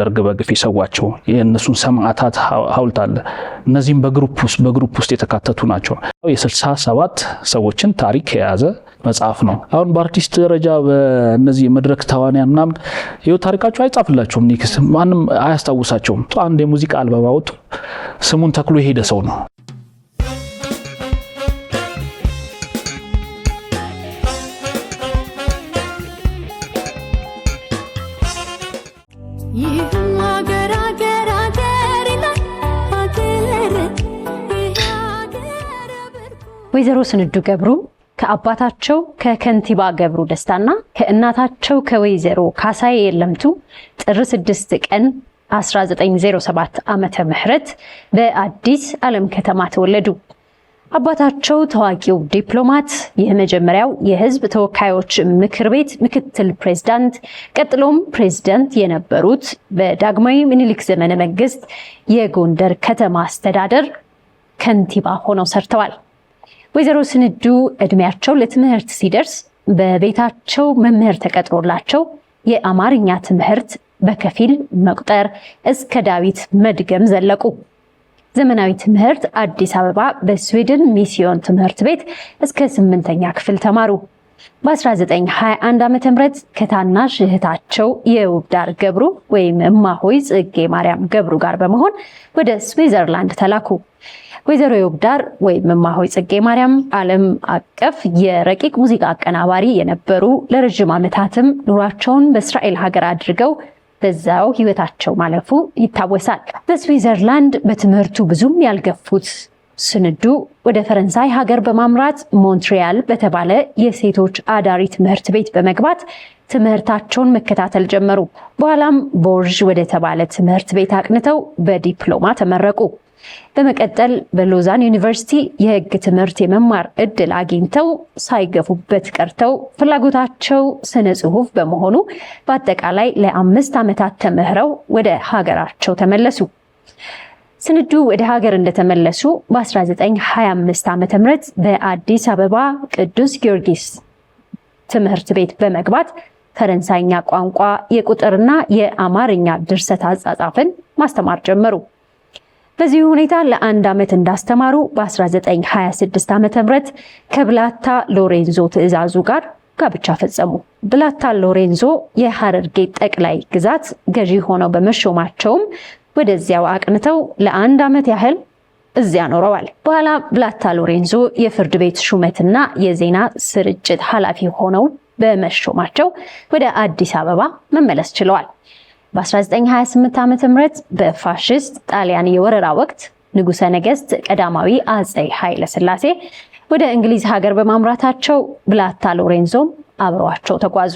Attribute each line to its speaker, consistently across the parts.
Speaker 1: ደርግ በግፍ የሰዋቸው የእነሱን ሰማዕታት ሀውልት አለ። እነዚህም በግሩፕ ውስጥ በግሩፕ ውስጥ የተካተቱ ናቸው። የስልሳ ሰባት ሰዎችን ታሪክ የያዘ መጽሐፍ ነው። አሁን በአርቲስት ደረጃ በእነዚህ የመድረክ ተዋንያን ምናምን ይኸው ታሪካቸው አይጻፍላቸውም። ኒክስ ማንም አያስታውሳቸውም። አንድ የሙዚቃ አልበም ስሙን ተክሎ የሄደ ሰው ነው።
Speaker 2: ወይዘሮ ስንዱ ገብሩ ከአባታቸው ከከንቲባ ገብሩ ደስታና ከእናታቸው ከወይዘሮ ካሳዬ የለምቱ ጥር 6 ቀን 1907 ዓ ምህረት በአዲስ ዓለም ከተማ ተወለዱ። አባታቸው ታዋቂው ዲፕሎማት፣ የመጀመሪያው የሕዝብ ተወካዮች ምክር ቤት ምክትል ፕሬዝዳንት፣ ቀጥሎም ፕሬዝዳንት የነበሩት በዳግማዊ ምኒልክ ዘመነ መንግስት የጎንደር ከተማ አስተዳደር ከንቲባ ሆነው ሰርተዋል። ወይዘሮ ስንዱ እድሜያቸው ለትምህርት ሲደርስ በቤታቸው መምህር ተቀጥሮላቸው የአማርኛ ትምህርት በከፊል መቁጠር እስከ ዳዊት መድገም ዘለቁ። ዘመናዊ ትምህርት አዲስ አበባ በስዊድን ሚስዮን ትምህርት ቤት እስከ ስምንተኛ ክፍል ተማሩ። በ1921 ዓ ም ከታናሽ እህታቸው የውብዳር ገብሩ ወይም እማሆይ ጽጌ ማርያም ገብሩ ጋር በመሆን ወደ ስዊዘርላንድ ተላኩ። ወይዘሮ የውብዳር ወይም እማሆይ ጽጌ ማርያም ዓለም አቀፍ የረቂቅ ሙዚቃ አቀናባሪ የነበሩ ለረዥም ዓመታትም ኑሯቸውን በእስራኤል ሀገር አድርገው በዛው ህይወታቸው ማለፉ ይታወሳል። በስዊዘርላንድ በትምህርቱ ብዙም ያልገፉት ስንዱ ወደ ፈረንሳይ ሀገር በማምራት ሞንትሪያል በተባለ የሴቶች አዳሪ ትምህርት ቤት በመግባት ትምህርታቸውን መከታተል ጀመሩ። በኋላም ቦርዥ ወደ ተባለ ትምህርት ቤት አቅንተው በዲፕሎማ ተመረቁ። በመቀጠል በሎዛን ዩኒቨርሲቲ የህግ ትምህርት የመማር እድል አግኝተው ሳይገፉበት ቀርተው ፍላጎታቸው ስነ ጽሁፍ በመሆኑ በአጠቃላይ ለአምስት ዓመታት ተምህረው ወደ ሀገራቸው ተመለሱ። ስንዱ ወደ ሀገር እንደተመለሱ በ1925 ዓ.ም በአዲስ አበባ ቅዱስ ጊዮርጊስ ትምህርት ቤት በመግባት ፈረንሳይኛ ቋንቋ የቁጥርና የአማርኛ ድርሰት አጻጻፍን ማስተማር ጀመሩ። በዚህ ሁኔታ ለአንድ ዓመት እንዳስተማሩ በ1926 ዓ ም ከብላታ ሎሬንዞ ትዕዛዙ ጋር ጋብቻ ፈጸሙ። ብላታ ሎሬንዞ የሐረርጌ ጠቅላይ ግዛት ገዢ ሆነው በመሾማቸውም ወደዚያው አቅንተው ለአንድ ዓመት ያህል እዚያ ኖረዋል። በኋላ ብላታ ሎሬንዞ የፍርድ ቤት ሹመትና የዜና ስርጭት ኃላፊ ሆነው በመሾማቸው ወደ አዲስ አበባ መመለስ ችለዋል። በ1928 ዓ ም በፋሽስት ጣሊያን የወረራ ወቅት ንጉሰ ነገስት ቀዳማዊ አጼ ኃይለ ስላሴ ወደ እንግሊዝ ሀገር በማምራታቸው ብላታ ሎሬንዞም አብረዋቸው ተጓዙ።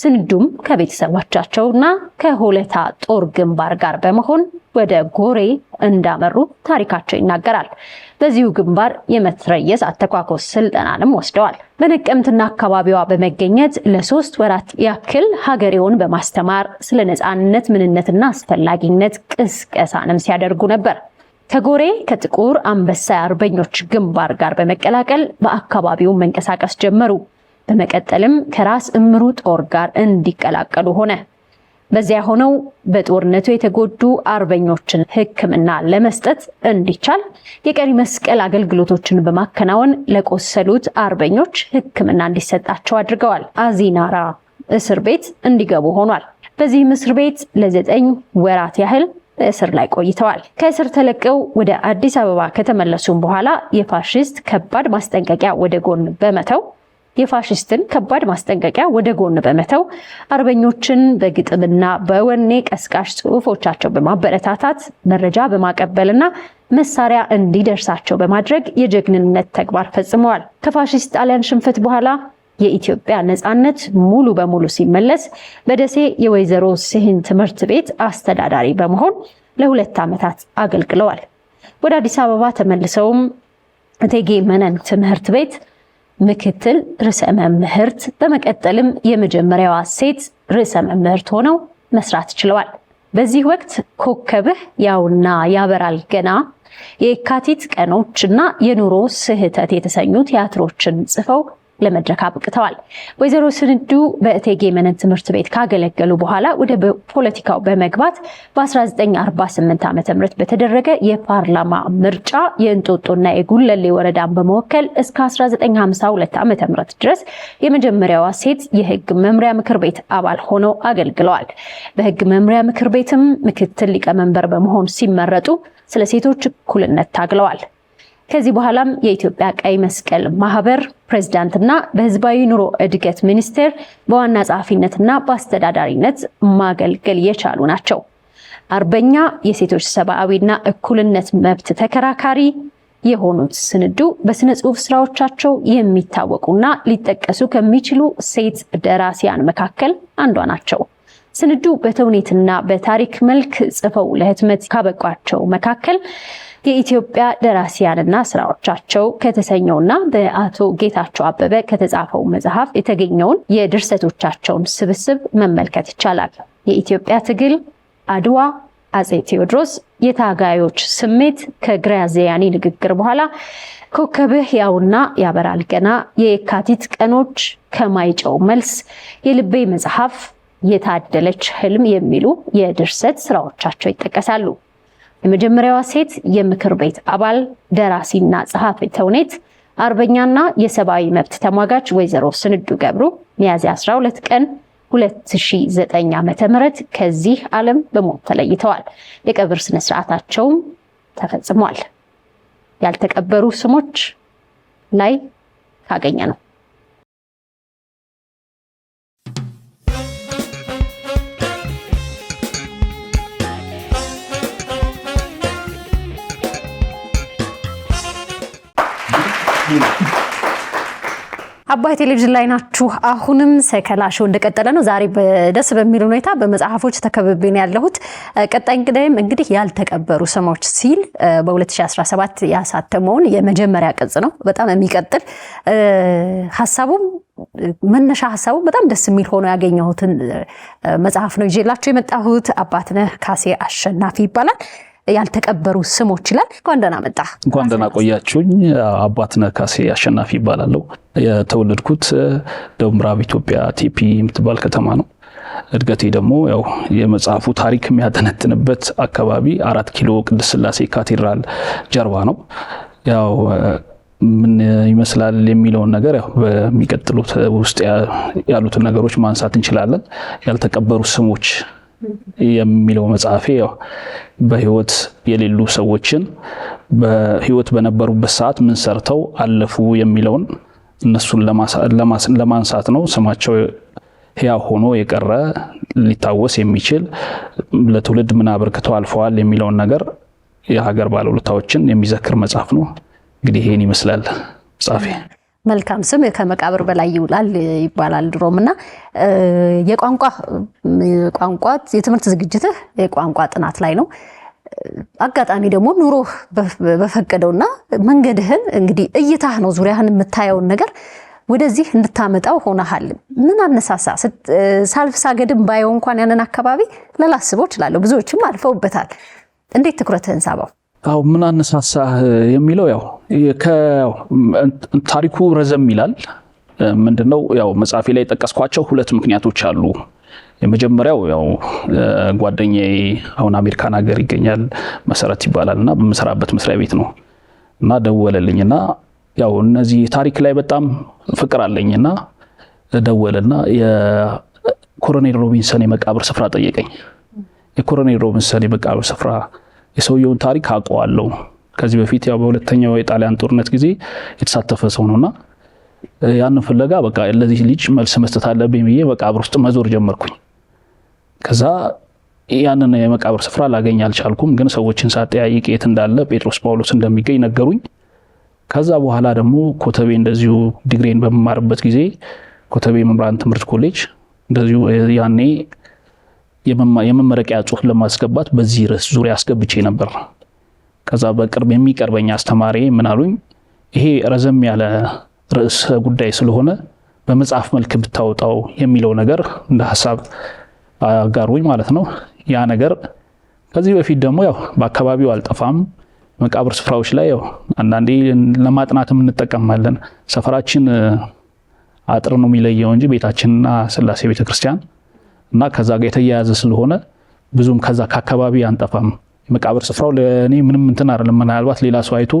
Speaker 2: ስንዱም ከቤተሰቦቻቸውና ከሆለታ ጦር ግንባር ጋር በመሆን ወደ ጎሬ እንዳመሩ ታሪካቸው ይናገራል። በዚሁ ግንባር የመትረየስ አተኳኮስ ስልጠናንም ወስደዋል። በነቀምትና አካባቢዋ በመገኘት ለሶስት ወራት ያክል ሀገሬውን በማስተማር ስለ ነፃነት ምንነትና አስፈላጊነት ቅስቀሳንም ሲያደርጉ ነበር። ከጎሬ ከጥቁር አንበሳ አርበኞች ግንባር ጋር በመቀላቀል በአካባቢው መንቀሳቀስ ጀመሩ። በመቀጠልም ከራስ እምሩ ጦር ጋር እንዲቀላቀሉ ሆነ። በዚያ ሆነው በጦርነቱ የተጎዱ አርበኞችን ሕክምና ለመስጠት እንዲቻል የቀይ መስቀል አገልግሎቶችን በማከናወን ለቆሰሉት አርበኞች ሕክምና እንዲሰጣቸው አድርገዋል። አዚናራ እስር ቤት እንዲገቡ ሆኗል። በዚህም እስር ቤት ለዘጠኝ ወራት ያህል በእስር ላይ ቆይተዋል። ከእስር ተለቀው ወደ አዲስ አበባ ከተመለሱም በኋላ የፋሽስት ከባድ ማስጠንቀቂያ ወደ ጎን በመተው የፋሽስትን ከባድ ማስጠንቀቂያ ወደ ጎን በመተው አርበኞችን በግጥምና በወኔ ቀስቃሽ ጽሑፎቻቸው በማበረታታት መረጃ በማቀበልና መሳሪያ እንዲደርሳቸው በማድረግ የጀግንነት ተግባር ፈጽመዋል። ከፋሽስት ጣሊያን ሽንፈት በኋላ የኢትዮጵያ ነፃነት ሙሉ በሙሉ ሲመለስ በደሴ የወይዘሮ ስህን ትምህርት ቤት አስተዳዳሪ በመሆን ለሁለት ዓመታት አገልግለዋል። ወደ አዲስ አበባ ተመልሰውም እቴጌ መነን ትምህርት ቤት ምክትል ርዕሰ መምህርት በመቀጠልም የመጀመሪያዋ ሴት ርዕሰ መምህርት ሆነው መስራት ችለዋል። በዚህ ወቅት ኮከብህ ያውና ያበራል ገና፣ የካቲት ቀኖች እና የኑሮ ስህተት የተሰኙ ቲያትሮችን ጽፈው ለመድረክ አብቅተዋል። ወይዘሮ ስንዱ በእቴጌ መነን ትምህርት ቤት ካገለገሉ በኋላ ወደ ፖለቲካው በመግባት በ1948 ዓ ም በተደረገ የፓርላማ ምርጫ የእንጦጦና የጉለሌ ወረዳን በመወከል እስከ 1952 ዓ ም ድረስ የመጀመሪያዋ ሴት የህግ መምሪያ ምክር ቤት አባል ሆነው አገልግለዋል። በህግ መምሪያ ምክር ቤትም ምክትል ሊቀመንበር በመሆን ሲመረጡ ስለ ሴቶች እኩልነት ታግለዋል። ከዚህ በኋላም የኢትዮጵያ ቀይ መስቀል ማህበር ፕሬዝዳንትና በህዝባዊ ኑሮ እድገት ሚኒስቴር በዋና ጸሐፊነትና በአስተዳዳሪነት ማገልገል የቻሉ ናቸው። አርበኛ፣ የሴቶች ሰብአዊና እኩልነት መብት ተከራካሪ የሆኑት ስንዱ በስነ ጽሁፍ ስራዎቻቸው የሚታወቁና ሊጠቀሱ ከሚችሉ ሴት ደራሲያን መካከል አንዷ ናቸው። ስንዱ በተውኔትና በታሪክ መልክ ጽፈው ለህትመት ካበቋቸው መካከል የኢትዮጵያ ደራሲያንና ስራዎቻቸው ከተሰኘውና በአቶ ጌታቸው አበበ ከተጻፈው መጽሐፍ የተገኘውን የድርሰቶቻቸውን ስብስብ መመልከት ይቻላል። የኢትዮጵያ ትግል፣ አድዋ፣ አጼ ቴዎድሮስ፣ የታጋዮች ስሜት፣ ከግራዚያኒ ንግግር በኋላ ኮከብህ ያውና ያበራል ገና፣ የካቲት ቀኖች፣ ከማይጨው መልስ፣ የልቤ መጽሐፍ የታደለች ህልም የሚሉ የድርሰት ስራዎቻቸው ይጠቀሳሉ። የመጀመሪያዋ ሴት የምክር ቤት አባል ደራሲና ጸሐፊ ተውኔት አርበኛና የሰብአዊ መብት ተሟጋች ወይዘሮ ስንዱ ገብሩ ሚያዝያ 12 ቀን 2009 ዓ.ም ከዚህ ዓለም በሞት ተለይተዋል። የቀብር ስነ ስርዓታቸውም ተፈጽሟል። ያልተቀበሩ ስሞች ላይ ካገኘ ነው።
Speaker 3: አባይ ቴሌቪዥን ላይ ናችሁ። አሁንም ሰከላ ሾው እንደቀጠለ ነው። ዛሬ ደስ በሚል ሁኔታ በመጽሐፎች ተከብቤ ነው ያለሁት። ቀጣይ እንግዳይም እንግዲህ ያልተቀበሩ ስሞች ሲል በ2017 ያሳተመውን የመጀመሪያ ቅጽ ነው። በጣም የሚቀጥል ሀሳቡም መነሻ ሀሳቡ በጣም ደስ የሚል ሆኖ ያገኘሁትን መጽሐፍ ነው ይዤላችሁ የመጣሁት። አባትነህ ካሴ አሸናፊ ይባላል። ያልተቀበሩ ስሞች ይላል። እንኳን ደህና መጣ።
Speaker 4: እንኳን ደህና ቆያችሁኝ። አባትነህ ካሴ አሸናፊ ይባላለሁ። የተወለድኩት ደቡብ ምዕራብ ኢትዮጵያ ቴፒ የምትባል ከተማ ነው። እድገቴ ደግሞ ያው የመጽሐፉ ታሪክ የሚያጠነጥንበት አካባቢ አራት ኪሎ ቅድስት ስላሴ ካቴድራል ጀርባ ነው። ያው ምን ይመስላል የሚለውን ነገር ያው በሚቀጥሉት ውስጥ ያሉትን ነገሮች ማንሳት እንችላለን። ያልተቀበሩ ስሞች የሚለው መጽሐፌ ያው በህይወት የሌሉ ሰዎችን በህይወት በነበሩበት ሰዓት ምን ሰርተው አለፉ የሚለውን እነሱን ለማንሳት ነው። ስማቸው ያ ሆኖ የቀረ ሊታወስ የሚችል ለትውልድ ምን አበርክተው አልፈዋል የሚለውን ነገር የሀገር ባለውለታዎችን የሚዘክር መጽሐፍ ነው። እንግዲህ ይህን ይመስላል መጽሐፌ።
Speaker 3: መልካም ስም ከመቃብር በላይ ይውላል ይባላል ድሮም እና የቋንቋ ቋንቋ የትምህርት ዝግጅትህ የቋንቋ ጥናት ላይ ነው። አጋጣሚ ደግሞ ኑሮህ በፈቀደውና መንገድህን እንግዲህ እይታህ ነው ዙሪያህን የምታየውን ነገር ወደዚህ እንድታመጣው ሆነሃል። ምን አነሳሳ? ሳልፍ ሳገድም ባየው እንኳን ያንን አካባቢ ለላስበው እችላለሁ። ብዙዎችም አልፈውበታል። እንዴት ትኩረትህን ሳበው?
Speaker 4: አው ምን አነሳሳህ የሚለው ያው ታሪኩ ረዘም ይላል። ምንድነው ያው መጽሐፌ ላይ የጠቀስኳቸው ሁለት ምክንያቶች አሉ። የመጀመሪያው ያው ጓደኛዬ አሁን አሜሪካን ሀገር ይገኛል መሰረት ይባላል እና በምሰራበት መስሪያ ቤት ነው እና ደወለልኝ እና ያው እነዚህ ታሪክ ላይ በጣም ፍቅር አለኝ እና ደወለና የኮሎኔል ሮቢንሰን የመቃብር ስፍራ ጠየቀኝ። የኮሎኔል ሮቢንሰን የመቃብር ስፍራ የሰውየውን ታሪክ አውቀዋለሁ። ከዚህ በፊት ያው በሁለተኛው የጣሊያን ጦርነት ጊዜ የተሳተፈ ሰው ነውና ያንን ፍለጋ በቃ ለዚህ ልጅ መልስ መስጠት አለብኝ ብዬ መቃብር ውስጥ መዞር ጀመርኩኝ። ከዛ ያንን የመቃብር ስፍራ ላገኝ አልቻልኩም፣ ግን ሰዎችን ሳጠያይቅ የት እንዳለ ጴጥሮስ ጳውሎስ እንደሚገኝ ነገሩኝ። ከዛ በኋላ ደግሞ ኮተቤ እንደዚሁ ዲግሬን በምማርበት ጊዜ ኮተቤ መምራን ትምህርት ኮሌጅ እንደዚሁ ያኔ የመመረቂያ ጽሁፍ ለማስገባት በዚህ ርዕስ ዙሪያ አስገብቼ ነበር። ከዛ በቅርብ የሚቀርበኝ አስተማሪ ምናሉኝ ይሄ ረዘም ያለ ርዕስ ጉዳይ ስለሆነ በመጽሐፍ መልክ ብታወጣው የሚለው ነገር እንደ ሀሳብ አጋሩኝ ማለት ነው። ያ ነገር ከዚህ በፊት ደግሞ ያው በአካባቢው አልጠፋም መቃብር ስፍራዎች ላይ ያው አንዳንዴ ለማጥናትም እንጠቀማለን። ሰፈራችን አጥር ነው የሚለየው እንጂ ቤታችንና ስላሴ ቤተክርስቲያን እና ከዛ ጋር የተያያዘ ስለሆነ ብዙም ከዛ ከአካባቢ አንጠፋም። መቃብር ስፍራው ለእኔ ምንም እንትን አይደለም። ምናልባት ሌላ ሰው አይቶ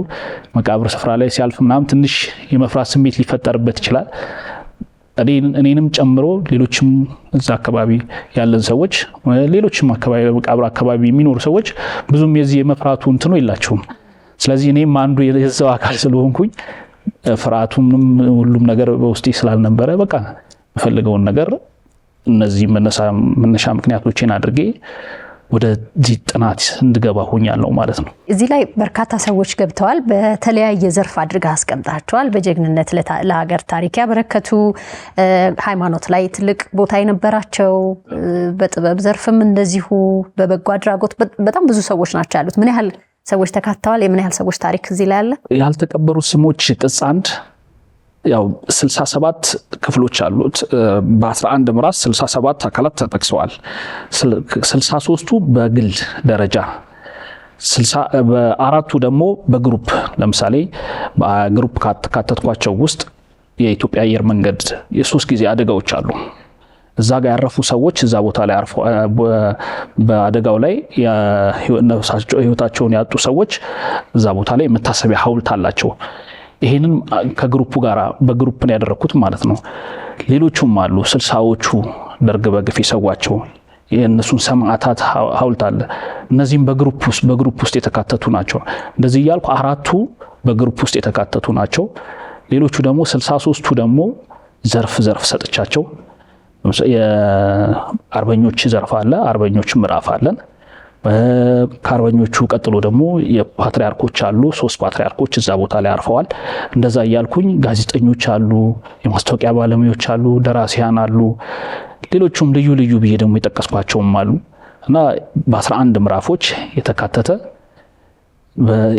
Speaker 4: መቃብር ስፍራ ላይ ሲያልፍ ምናምን ትንሽ የመፍራት ስሜት ሊፈጠርበት ይችላል። እኔንም ጨምሮ ሌሎችም እዛ አካባቢ ያለን ሰዎች፣ ሌሎችም አካባቢ መቃብር አካባቢ የሚኖሩ ሰዎች ብዙም የዚህ የመፍራቱ እንትኖ የላቸውም። ስለዚህ እኔም አንዱ የዛው አካል ስለሆንኩኝ ፍርሃቱንም ሁሉም ነገር በውስጤ ስላልነበረ በቃ የምፈልገውን ነገር እነዚህ መነሻ ምክንያቶችን አድርጌ ወደዚህ ጥናት እንድገባ ሆኛለሁ ማለት ነው።
Speaker 3: እዚህ ላይ በርካታ ሰዎች ገብተዋል። በተለያየ ዘርፍ አድርጋ አስቀምጣቸዋል። በጀግንነት ለሀገር ታሪክ ያበረከቱ፣ ሃይማኖት ላይ ትልቅ ቦታ የነበራቸው፣ በጥበብ ዘርፍም እንደዚሁ፣ በበጎ አድራጎት በጣም ብዙ ሰዎች ናቸው ያሉት። ምን ያህል ሰዎች ተካተዋል? የምን ያህል ሰዎች ታሪክ እዚህ ላይ አለ?
Speaker 4: ያልተቀበሩ ስሞች ቅጽ አንድ ያው 67 ክፍሎች አሉት። በ11 ምዕራፍ 67 አካላት ተጠቅሰዋል። 63ቱ በግል ደረጃ በአራቱ ደግሞ በግሩፕ ለምሳሌ በግሩፕ ካተትኳቸው ውስጥ የኢትዮጵያ አየር መንገድ የሶስት ጊዜ አደጋዎች አሉ። እዛ ጋር ያረፉ ሰዎች እዛ ቦታ ላይ በአደጋው ላይ ህይወታቸውን ያጡ ሰዎች እዛ ቦታ ላይ የመታሰቢያ ሀውልት አላቸው። ይሄንን ከግሩፑ ጋር በግሩፕ ነው ያደረግኩት ማለት ነው። ሌሎቹም አሉ። ስልሳዎቹ ደርግ በግፍ የሰዋቸው የእነሱን ሰማዕታት ሀውልት አለ። እነዚህም በግሩፕ ውስጥ በግሩፕ ውስጥ የተካተቱ ናቸው። እንደዚህ እያልኩ አራቱ በግሩፕ ውስጥ የተካተቱ ናቸው። ሌሎቹ ደግሞ ስልሳ ሶስቱ ደግሞ ዘርፍ ዘርፍ ሰጥቻቸው የአርበኞች ዘርፍ አለ። አርበኞች ምዕራፍ አለን። ከአርበኞቹ ቀጥሎ ደግሞ የፓትሪያርኮች አሉ። ሶስት ፓትሪያርኮች እዛ ቦታ ላይ አርፈዋል። እንደዛ እያልኩኝ ጋዜጠኞች አሉ፣ የማስታወቂያ ባለሙያዎች አሉ፣ ደራሲያን አሉ፣ ሌሎቹም ልዩ ልዩ ብዬ ደግሞ የጠቀስኳቸውም አሉ እና በ11 ምዕራፎች የተካተተ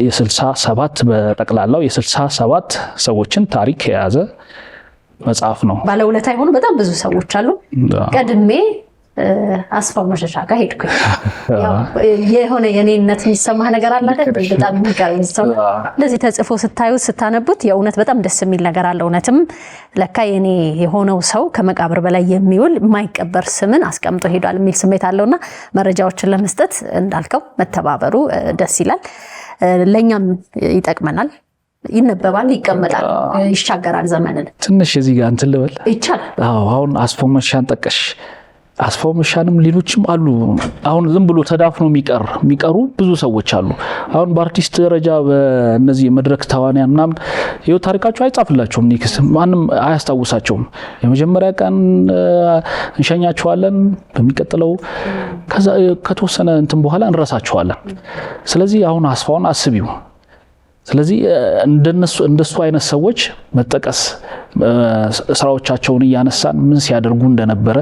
Speaker 4: የስልሳ ሰባት በጠቅላላው የስልሳ ሰባት ሰዎችን ታሪክ የያዘ መጽሐፍ ነው።
Speaker 3: ባለውለታ የሆኑ በጣም ብዙ ሰዎች አሉ። ቀድሜ አስፋው መሸሻ ጋር ሄድኩ። የሆነ የኔነት የሚሰማ ነገር አለ አይደል? በጣም የሚገርም ሰው እንደዚህ ተጽፎ ስታዩት ስታነቡት የእውነት በጣም ደስ የሚል ነገር አለ። እውነትም ለካ የኔ የሆነው ሰው ከመቃብር በላይ የሚውል የማይቀበር ስምን አስቀምጦ ሄዷል የሚል ስሜት አለውና መረጃዎችን ለመስጠት እንዳልከው መተባበሩ ደስ ይላል፣ ለእኛም ይጠቅመናል። ይነበባል፣ ይቀመጣል፣ ይሻገራል ዘመንን።
Speaker 4: ትንሽ እዚህ ጋር እንትን ልበል ይቻላል። አሁን አስፋው መሸሻን ጠቀሽ አስፋው መሻንም ሌሎችም አሉ። አሁን ዝም ብሎ ተዳፍኖ የሚቀር የሚቀሩ ብዙ ሰዎች አሉ። አሁን በአርቲስት ደረጃ በእነዚህ መድረክ ተዋንያን ምናምን ይኸው ታሪካቸው አይጻፍላቸውም፣ ኒክስ ማንም አያስታውሳቸውም። የመጀመሪያ ቀን እንሸኛቸዋለን፣ በሚቀጥለው ከተወሰነ እንትን በኋላ እንረሳቸዋለን። ስለዚህ አሁን አስፋውን አስቢው ስለዚህ እንደነሱ እንደሱ አይነት ሰዎች መጠቀስ ስራዎቻቸውን እያነሳን ምን ሲያደርጉ እንደነበረ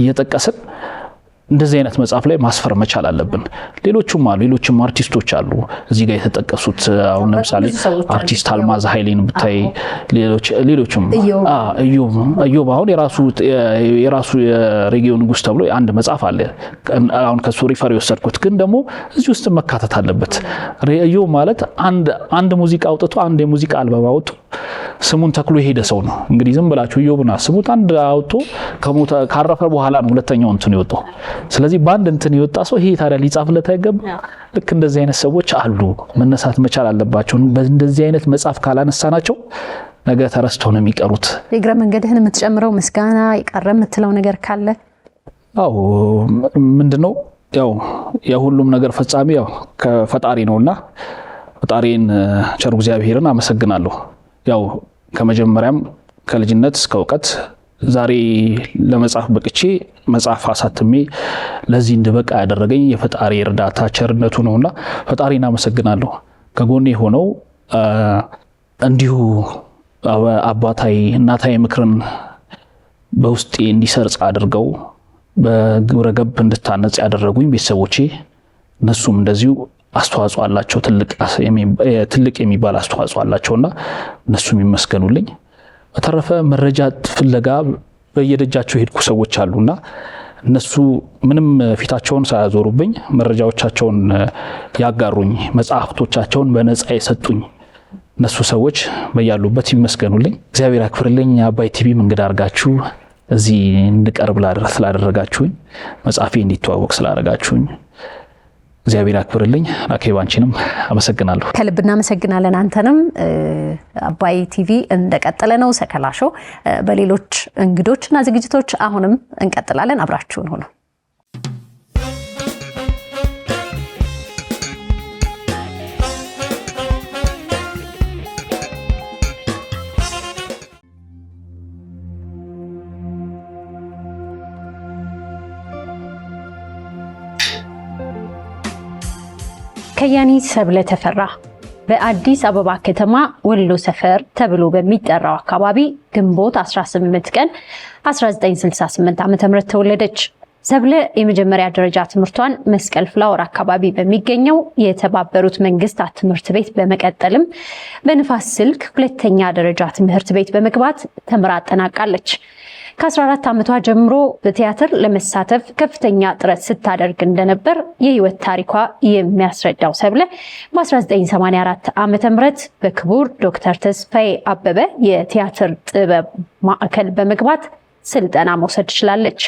Speaker 4: እየጠቀስን እንደዚህ አይነት መጽሐፍ ላይ ማስፈር መቻል አለብን። ሌሎችም አሉ፣ ሌሎችም አርቲስቶች አሉ እዚህ ጋር የተጠቀሱት። አሁን ለምሳሌ አርቲስት አልማዝ ኃይሌን ብታይ፣ ሌሎችም እዮብ አሁን የራሱ የሬጌዮ ንጉስ ተብሎ አንድ መጽሐፍ አለ። አሁን ከሱ ሪፈር የወሰድኩት ግን ደግሞ እዚህ ውስጥ መካተት አለበት። እዮብ ማለት አንድ ሙዚቃ አውጥቶ አንድ የሙዚቃ አልበባ አውጥቶ ስሙን ተክሎ የሄደ ሰው ነው። እንግዲህ ዝም ብላችሁ እዮብን አስቡት። አንድ አውጥቶ ካረፈ በኋላ ነው ሁለተኛው እንትን የወጣው ስለዚህ በአንድ እንትን የወጣ ሰው ይሄ ታዲያ ሊጻፍለት አይገባ። ልክ እንደዚህ አይነት ሰዎች አሉ፣ መነሳት መቻል አለባቸው። እንደዚህ አይነት መጽሐፍ ናቸው ነገ ተረስተው ነው የሚቀሩት።
Speaker 3: የእግረ መንገድህን የምትጨምረው ምስጋና የቀረ የምትለው ነገር ካለ?
Speaker 4: አዎ ምንድነው ያው የሁሉም ነገር ፈጻሚ ያው ከፈጣሪ ነውና ፈጣሪን ቸሩ እግዚአብሔርን አመሰግናለሁ። ያው ከመጀመሪያም ከልጅነት እስከ እውቀት ዛሬ ለመጽሐፍ በቅቼ መጽሐፍ አሳትሜ ለዚህ እንድበቃ ያደረገኝ የፈጣሪ እርዳታ ቸርነቱ ነውና ፈጣሪን አመሰግናለሁ። ከጎኔ ሆነው እንዲሁ አባታይ እናታይ ምክርን በውስጤ እንዲሰርጽ አድርገው በግብረ ገብ እንድታነጽ ያደረጉኝ ቤተሰቦቼ እነሱም እንደዚሁ አስተዋጽኦ አላቸው። ትልቅ የሚባል አስተዋጽኦ አላቸውና እነሱም ይመስገኑልኝ። በተረፈ መረጃ ፍለጋ በየደጃቸው የሄድኩ ሰዎች አሉና እነሱ ምንም ፊታቸውን ሳያዞሩብኝ መረጃዎቻቸውን ያጋሩኝ፣ መጽሐፍቶቻቸውን በነፃ የሰጡኝ እነሱ ሰዎች በያሉበት ይመስገኑልኝ። እግዚአብሔር ያክብርልኝ። አባይ ቲቪ እንግዳ አድርጋችሁ እዚህ እንድቀርብ ስላደረጋችሁኝ፣ መጽሐፌ እንዲተዋወቅ ስላደረጋችሁኝ እግዚአብሔር አክብርልኝ ራኬብ አንቺንም አመሰግናለሁ።
Speaker 3: ከልብ እናመሰግናለን አንተንም። አባይ ቲቪ እንደቀጠለ ነው። ሰከላ ሾው በሌሎች እንግዶችና ዝግጅቶች አሁንም እንቀጥላለን። አብራችሁን ሆነው
Speaker 2: ከያኒ ሰብለ ተፈራ በአዲስ አበባ ከተማ ወሎ ሰፈር ተብሎ በሚጠራው አካባቢ ግንቦት 18 ቀን 1968 ዓ.ም ተወለደች። ሰብለ የመጀመሪያ ደረጃ ትምህርቷን መስቀል ፍላወር አካባቢ በሚገኘው የተባበሩት መንግስታት ትምህርት ቤት በመቀጠልም በንፋስ ስልክ ሁለተኛ ደረጃ ትምህርት ቤት በመግባት ተምራ አጠናቃለች። ከ14 ዓመቷ ጀምሮ በቲያትር ለመሳተፍ ከፍተኛ ጥረት ስታደርግ እንደነበር የህይወት ታሪኳ የሚያስረዳው ሰብለ በ1984 ዓ ም በክቡር ዶክተር ተስፋዬ አበበ የቲያትር ጥበብ ማዕከል በመግባት ስልጠና መውሰድ ችላለች።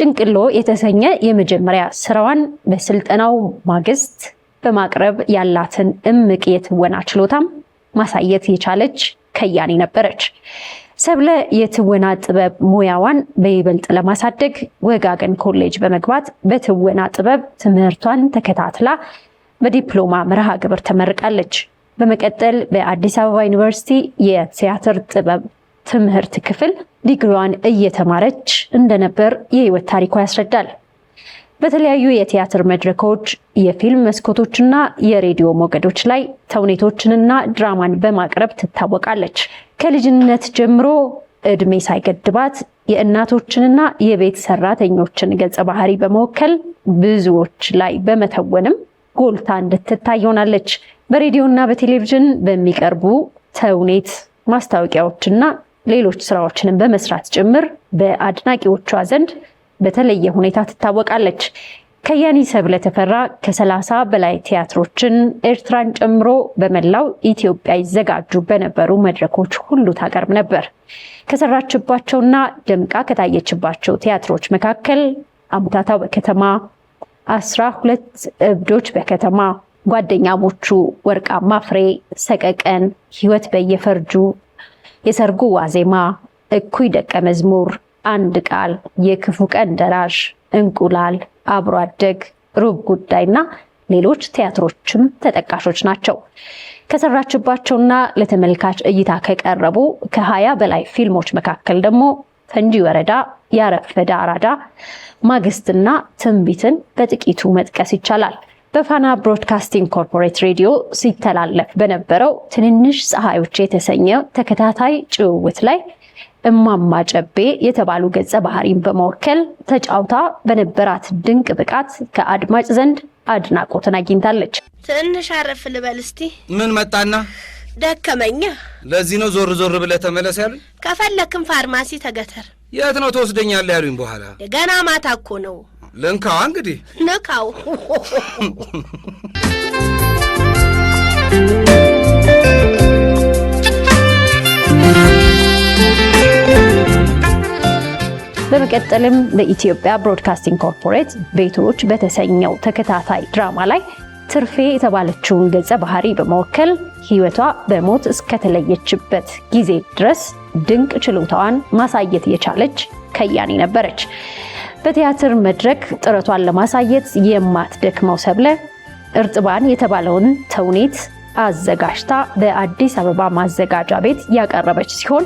Speaker 2: ጭንቅሎ የተሰኘ የመጀመሪያ ስራዋን በስልጠናው ማግስት በማቅረብ ያላትን እምቅ የትወና ችሎታም ማሳየት የቻለች ከያኔ ነበረች። ሰብለ የትወና ጥበብ ሙያዋን በይበልጥ ለማሳደግ ወጋገን ኮሌጅ በመግባት በትወና ጥበብ ትምህርቷን ተከታትላ በዲፕሎማ መርሃ ግብር ተመርቃለች። በመቀጠል በአዲስ አበባ ዩኒቨርሲቲ የቲያትር ጥበብ ትምህርት ክፍል ዲግሪዋን እየተማረች እንደነበር የህይወት ታሪኳ ያስረዳል። በተለያዩ የቲያትር መድረኮች፣ የፊልም መስኮቶችና የሬዲዮ ሞገዶች ላይ ተውኔቶችንና ድራማን በማቅረብ ትታወቃለች። ከልጅነት ጀምሮ እድሜ ሳይገድባት የእናቶችንና የቤት ሰራተኞችን ገጸ ባህሪ በመወከል ብዙዎች ላይ በመተወንም ጎልታ እንድትታይ ሆናለች። በሬዲዮና በቴሌቪዥን በሚቀርቡ ተውኔት ማስታወቂያዎችና ሌሎች ስራዎችንም በመስራት ጭምር በአድናቂዎቿ ዘንድ በተለየ ሁኔታ ትታወቃለች። ከያኒ ሰብለ ተፈራ ከሰላሳ በላይ ቲያትሮችን ኤርትራን ጨምሮ በመላው ኢትዮጵያ ይዘጋጁ በነበሩ መድረኮች ሁሉ ታቀርብ ነበር። ከሰራችባቸውና ደምቃ ከታየችባቸው ቲያትሮች መካከል አምታታው በከተማ፣ አስራ ሁለት እብዶች በከተማ፣ ጓደኛሞቹ፣ ወርቃማ ፍሬ፣ ሰቀቀን፣ ህይወት በየፈርጁ፣ የሰርጉ ዋዜማ፣ እኩይ ደቀ መዝሙር፣ አንድ ቃል፣ የክፉ ቀን ደራሽ፣ እንቁላል፣ አብሮ አደግ፣ ሩብ ጉዳይና ሌሎች ቲያትሮችም ተጠቃሾች ናቸው። ከሰራችባቸውና ለተመልካች እይታ ከቀረቡ ከሀያ በላይ ፊልሞች መካከል ደግሞ ፈንጂ ወረዳ፣ ያረፈደ አራዳ፣ ማግስትና ትንቢትን በጥቂቱ መጥቀስ ይቻላል። በፋና ብሮድካስቲንግ ኮርፖሬት ሬዲዮ ሲተላለፍ በነበረው ትንንሽ ፀሐዮች የተሰኘ ተከታታይ ጭውውት ላይ እማማ ጨቤ የተባሉ ገጸ ባህሪን በመወከል ተጫውታ በነበራት ድንቅ ብቃት ከአድማጭ ዘንድ አድናቆትን አግኝታለች።
Speaker 5: ትንሽ አረፍ ልበል እስቲ። ምን መጣና ደከመኛ።
Speaker 6: ለዚህ ነው ዞር ዞር ብለህ ተመለስ ያሉኝ።
Speaker 5: ከፈለክም ፋርማሲ ተገተር።
Speaker 6: የት ነው ትወስደኛለህ ያሉኝ? በኋላ
Speaker 5: ገና ማታ እኮ ነው።
Speaker 6: ልንካዋ እንግዲህ
Speaker 5: ንካው።
Speaker 2: በመቀጠልም በኢትዮጵያ ብሮድካስቲንግ ኮርፖሬት ቤቶች በተሰኘው ተከታታይ ድራማ ላይ ትርፌ የተባለችውን ገጸ ባህሪ በመወከል ህይወቷ በሞት እስከተለየችበት ጊዜ ድረስ ድንቅ ችሎታዋን ማሳየት የቻለች ከያኔ ነበረች። በቲያትር መድረክ ጥረቷን ለማሳየት የማትደክመው ሰብለ እርጥባን የተባለውን ተውኔት አዘጋጅታ በአዲስ አበባ ማዘጋጃ ቤት ያቀረበች ሲሆን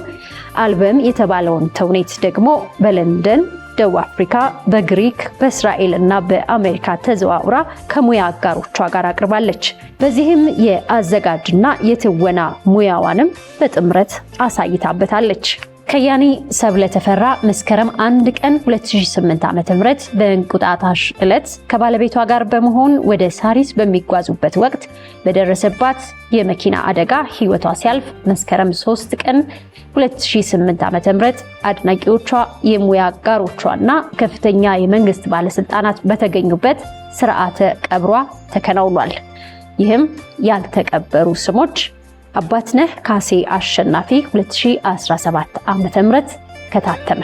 Speaker 2: አልበም የተባለውን ተውኔት ደግሞ በለንደን፣ ደቡብ አፍሪካ፣ በግሪክ፣ በእስራኤል እና በአሜሪካ ተዘዋውራ ከሙያ አጋሮቿ ጋር አቅርባለች። በዚህም የአዘጋጅና የትወና ሙያዋንም በጥምረት አሳይታበታለች። ከያኒ ሰብለ ተፈራ መስከረም 1 ቀን 2008 ም በእንቁጣጣሽ ዕለት ከባለቤቷ ጋር በመሆን ወደ ሳሪስ በሚጓዙበት ወቅት በደረሰባት የመኪና አደጋ ህይወቷ ሲያልፍ መስከረም 3 ቀን 2008 ዓ.ም አድናቂዎቿ፣ የሙያ እና ከፍተኛ የመንግስት ባለስልጣናት በተገኙበት ስርዓተ ቀብሯ ተከናውኗል። ይህም ያልተቀበሩ ስሞች አባትነህ ካሴ አሸናፊ 2017 ም ከታተመ።